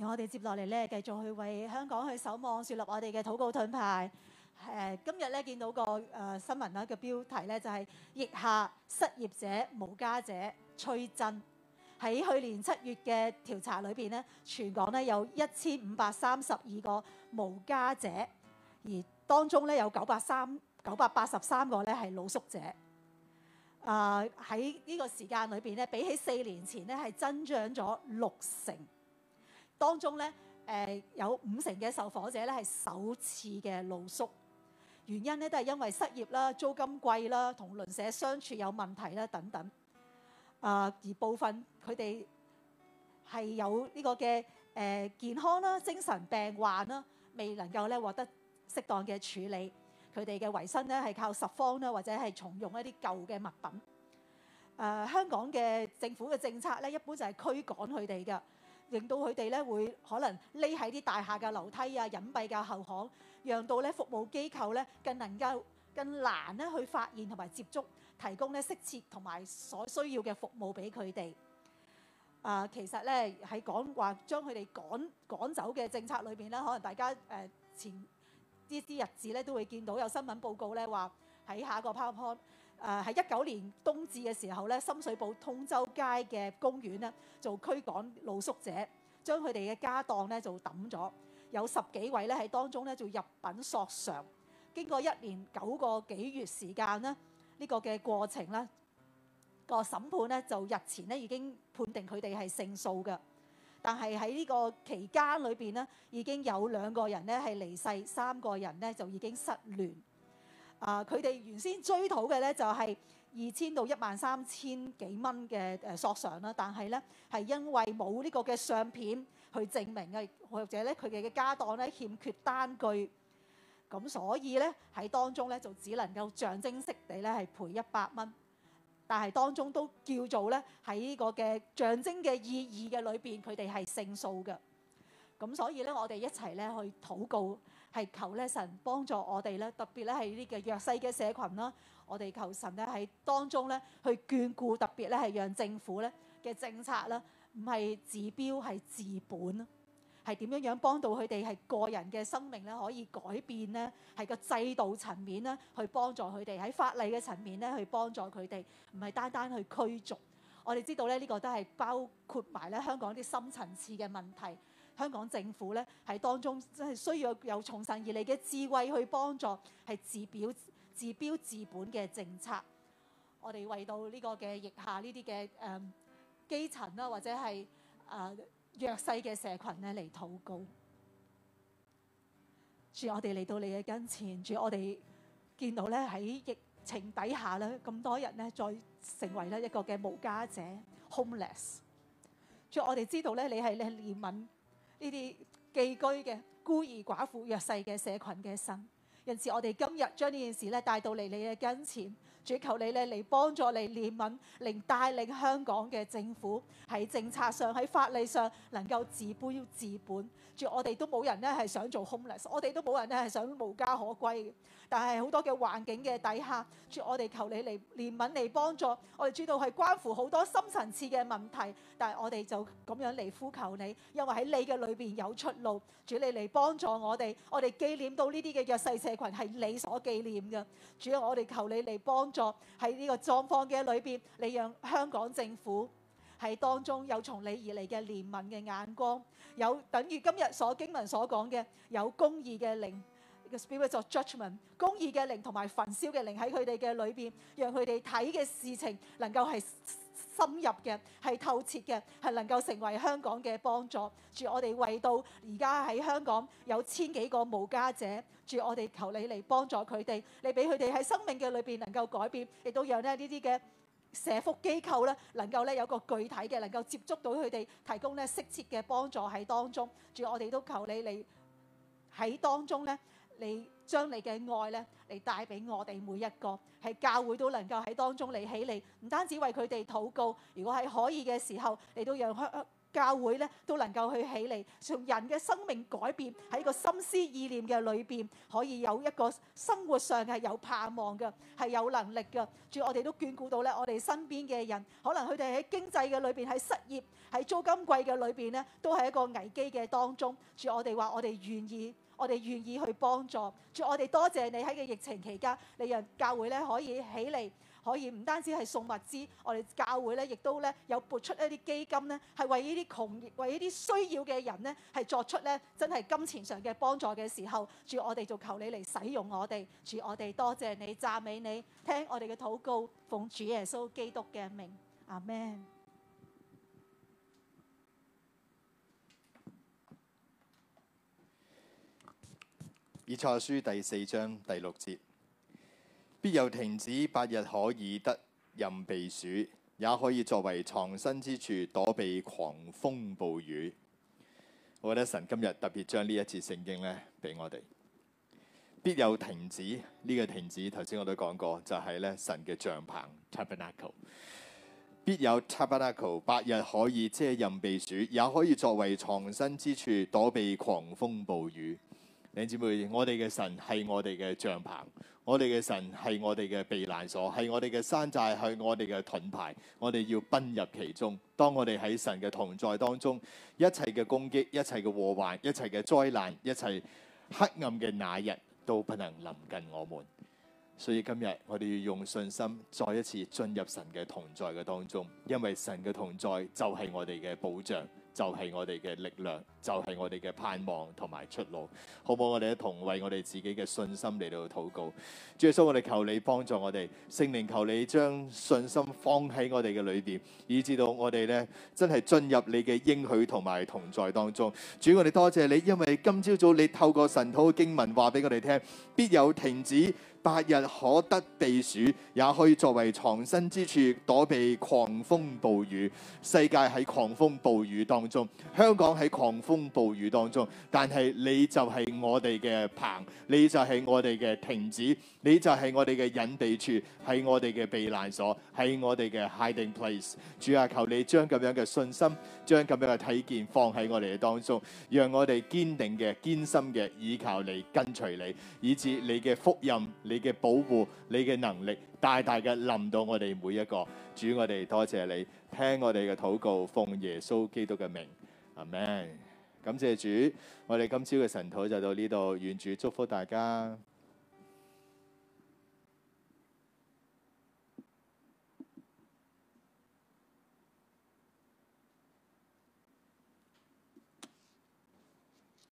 我哋接落嚟咧，繼續去為香港去守望、樹立我哋嘅禱告盾牌。誒，今日咧見到個誒、呃、新聞啦，嘅標題咧就係、是、疫下失業者無家者趨增。喺去年七月嘅調查裏邊咧，全港咧有一千五百三十二個無家者，而當中咧有九百三九百八十三個咧係露宿者。啊、呃，喺呢個時間裏邊咧，比起四年前咧係增長咗六成。當中咧，誒、呃、有五成嘅受訪者咧係首次嘅露宿，原因咧都係因為失業啦、租金貴啦、同鄰舍相處有問題啦等等。啊、呃，而部分佢哋係有呢個嘅誒、呃、健康啦、精神病患啦，未能夠咧獲得適當嘅處理，佢哋嘅維生咧係靠拾荒啦，或者係重用一啲舊嘅物品。誒、呃，香港嘅政府嘅政策咧，一般就係驅趕佢哋㗎。令到佢哋咧會可能匿喺啲大廈嘅樓梯啊、隱蔽嘅後巷，讓到咧服務機構咧更能夠、更難咧去發現同埋接觸，提供咧適切同埋所需要嘅服務俾佢哋。啊，其實咧喺講話將佢哋趕趕走嘅政策裏邊咧，可能大家誒、呃、前呢啲日子咧都會見到有新聞報告咧話喺下一個 PowerPoint。誒喺一九年冬至嘅時候咧，深水埗通州街嘅公園咧，做驅趕露宿者，將佢哋嘅家當咧就抌咗，有十幾位咧喺當中咧就入稟索償。經過一年九個幾月時間咧，呢個嘅過程咧，個審判咧就日前咧已經判定佢哋係勝訴嘅。但係喺呢個期間裏邊咧，已經有兩個人咧係離世，三個人咧就已經失聯。啊！佢哋原先追討嘅咧就係二千到一萬三千幾蚊嘅誒索償啦，但係咧係因為冇呢個嘅相片去證明嘅，或者咧佢哋嘅家當咧欠缺單據，咁所以咧喺當中咧就只能夠象徵式地咧係賠一百蚊，但係當中都叫做咧喺呢個嘅象徵嘅意義嘅裏邊，佢哋係勝訴嘅。咁所以咧，我哋一齊咧去禱告。係求咧神幫助我哋咧，特別咧係呢個弱勢嘅社群啦，我哋求神咧喺當中咧去眷顧，特別咧係讓政府咧嘅政策啦，唔係治標係治本，係點樣樣幫到佢哋係個人嘅生命咧可以改變咧，係個制度層面啦去幫助佢哋，喺法例嘅層面咧去幫助佢哋，唔係單單去驅逐。我哋知道咧呢個都係包括埋咧香港啲深層次嘅問題。香港政府咧喺當中真係需要有從神而嚟嘅智慧去幫助係治表治標治本嘅政策。我哋為到呢個嘅疫下呢啲嘅誒基層啦，或者係啊弱勢嘅社群咧嚟禱告。主我哋嚟到你嘅跟前。主我哋見到咧喺疫情底下咧，咁多人咧再成為咧一個嘅無家者 （homeless）。主 Hom 我哋知道咧，你係咧憐憫。呢啲寄居嘅孤兒寡婦、弱勢嘅社群嘅神，因此我哋今日將呢件事咧帶到嚟你嘅跟前。主求你咧嚟幫助你憐憫，令帶領香港嘅政府喺政策上喺法理上能夠治標治本。主我哋都冇人咧係想做 homeless，我哋都冇人咧係想無家可歸嘅。但係好多嘅環境嘅底下，主我哋求你嚟憐憫嚟幫助。我哋知道係關乎好多深層次嘅問題，但係我哋就咁樣嚟呼求你，因為喺你嘅裏邊有出路。主你嚟幫助我哋，我哋紀念到呢啲嘅弱勢社群係你所紀念嘅。主我哋求你嚟幫助。喺呢個狀況嘅裏邊，你讓香港政府喺當中有從你而嚟嘅憐憫嘅眼光，有等於今日所經文所講嘅有公義嘅靈 （the spirit of judgment），公義嘅靈同埋焚燒嘅靈喺佢哋嘅裏邊，讓佢哋睇嘅事情能夠係。深入嘅，係透徹嘅，係能夠成為香港嘅幫助。住我哋為到而家喺香港有千幾個無家者，住我哋求你嚟幫助佢哋，你俾佢哋喺生命嘅裏邊能夠改變，亦都讓咧呢啲嘅社福機構咧能夠咧有個具體嘅能夠接觸到佢哋，提供咧適切嘅幫助喺當中。住我哋都求你嚟喺當中咧。你將你嘅愛呢，嚟帶俾我哋每一個，係教會都能夠喺當中嚟起嚟。唔單止為佢哋禱告，如果係可以嘅時候，嚟到讓教會呢都能夠去起嚟，從人嘅生命改變喺個心思意念嘅裏面，可以有一個生活上係有盼望嘅，係有能力嘅。住我哋都眷顧到呢，我哋身邊嘅人，可能佢哋喺經濟嘅裏面，喺失業、喺租金貴嘅裏面呢，都喺一個危機嘅當中。住我哋話，我哋願意。我哋願意去幫助，主我哋多謝你喺個疫情期間，你讓教會可以起嚟，可以唔單止係送物資，我哋教會咧亦都有撥出一啲基金咧，係為呢啲窮，為呢啲需要嘅人咧係作出咧真係金錢上嘅幫助嘅時候，主我哋就求你嚟使用我哋，主我哋多謝你讚美你，聽我哋嘅禱告，奉主耶穌基督嘅名，阿門。以賽亞書第四章第六節，必有亭子，八日可以得蔭避暑，也可以作為藏身之處，躲避狂風暴雨。我覺得神今日特別將呢一節聖經咧，俾我哋。必有亭子。這」呢個亭子頭先我都講過，就係、是、咧神嘅帳棚 （tabernacle）。必有 tabernacle，八日可以遮蔭避暑，也可以作為藏身之處，躲避狂風暴雨。弟兄姊妹，我哋嘅神係我哋嘅帳篷，我哋嘅神係我哋嘅避難所，係我哋嘅山寨，係我哋嘅盾牌。我哋要奔入其中。當我哋喺神嘅同在當中，一切嘅攻擊、一切嘅禍患、一切嘅災難、一切黑暗嘅那日都不能臨近我們。所以今日我哋要用信心再一次進入神嘅同在嘅當中，因為神嘅同在就係我哋嘅保障，就係我哋嘅力量。就係我哋嘅盼望同埋出路，好唔好？我哋一同為我哋自己嘅信心嚟到禱告。主耶穌，我哋求你幫助我哋，聖靈求你將信心放喺我哋嘅裏邊，以致到我哋呢，真係進入你嘅應許同埋同在當中。主，我哋多謝，謝你，因為今朝早你透過神譜嘅經文話俾我哋聽，必有亭子，八日可得避暑，也可以作為藏身之處躲避狂風暴雨。世界喺狂風暴雨當中，香港喺狂風。暴雨當中，但係你就係我哋嘅棚，你就係我哋嘅亭子，你就係我哋嘅隱秘處，喺我哋嘅避難所，喺我哋嘅 hiding place。主啊，求你將咁樣嘅信心，將咁樣嘅睇見放喺我哋嘅當中，讓我哋堅定嘅、堅心嘅，依靠你跟隨你，以致你嘅福蔭、你嘅保護、你嘅能力大大嘅臨到我哋每一個主。我哋多謝你聽我哋嘅禱告，奉耶穌基督嘅名，阿門。感謝主，我哋今朝嘅晨禱就到呢度，願主祝福大家。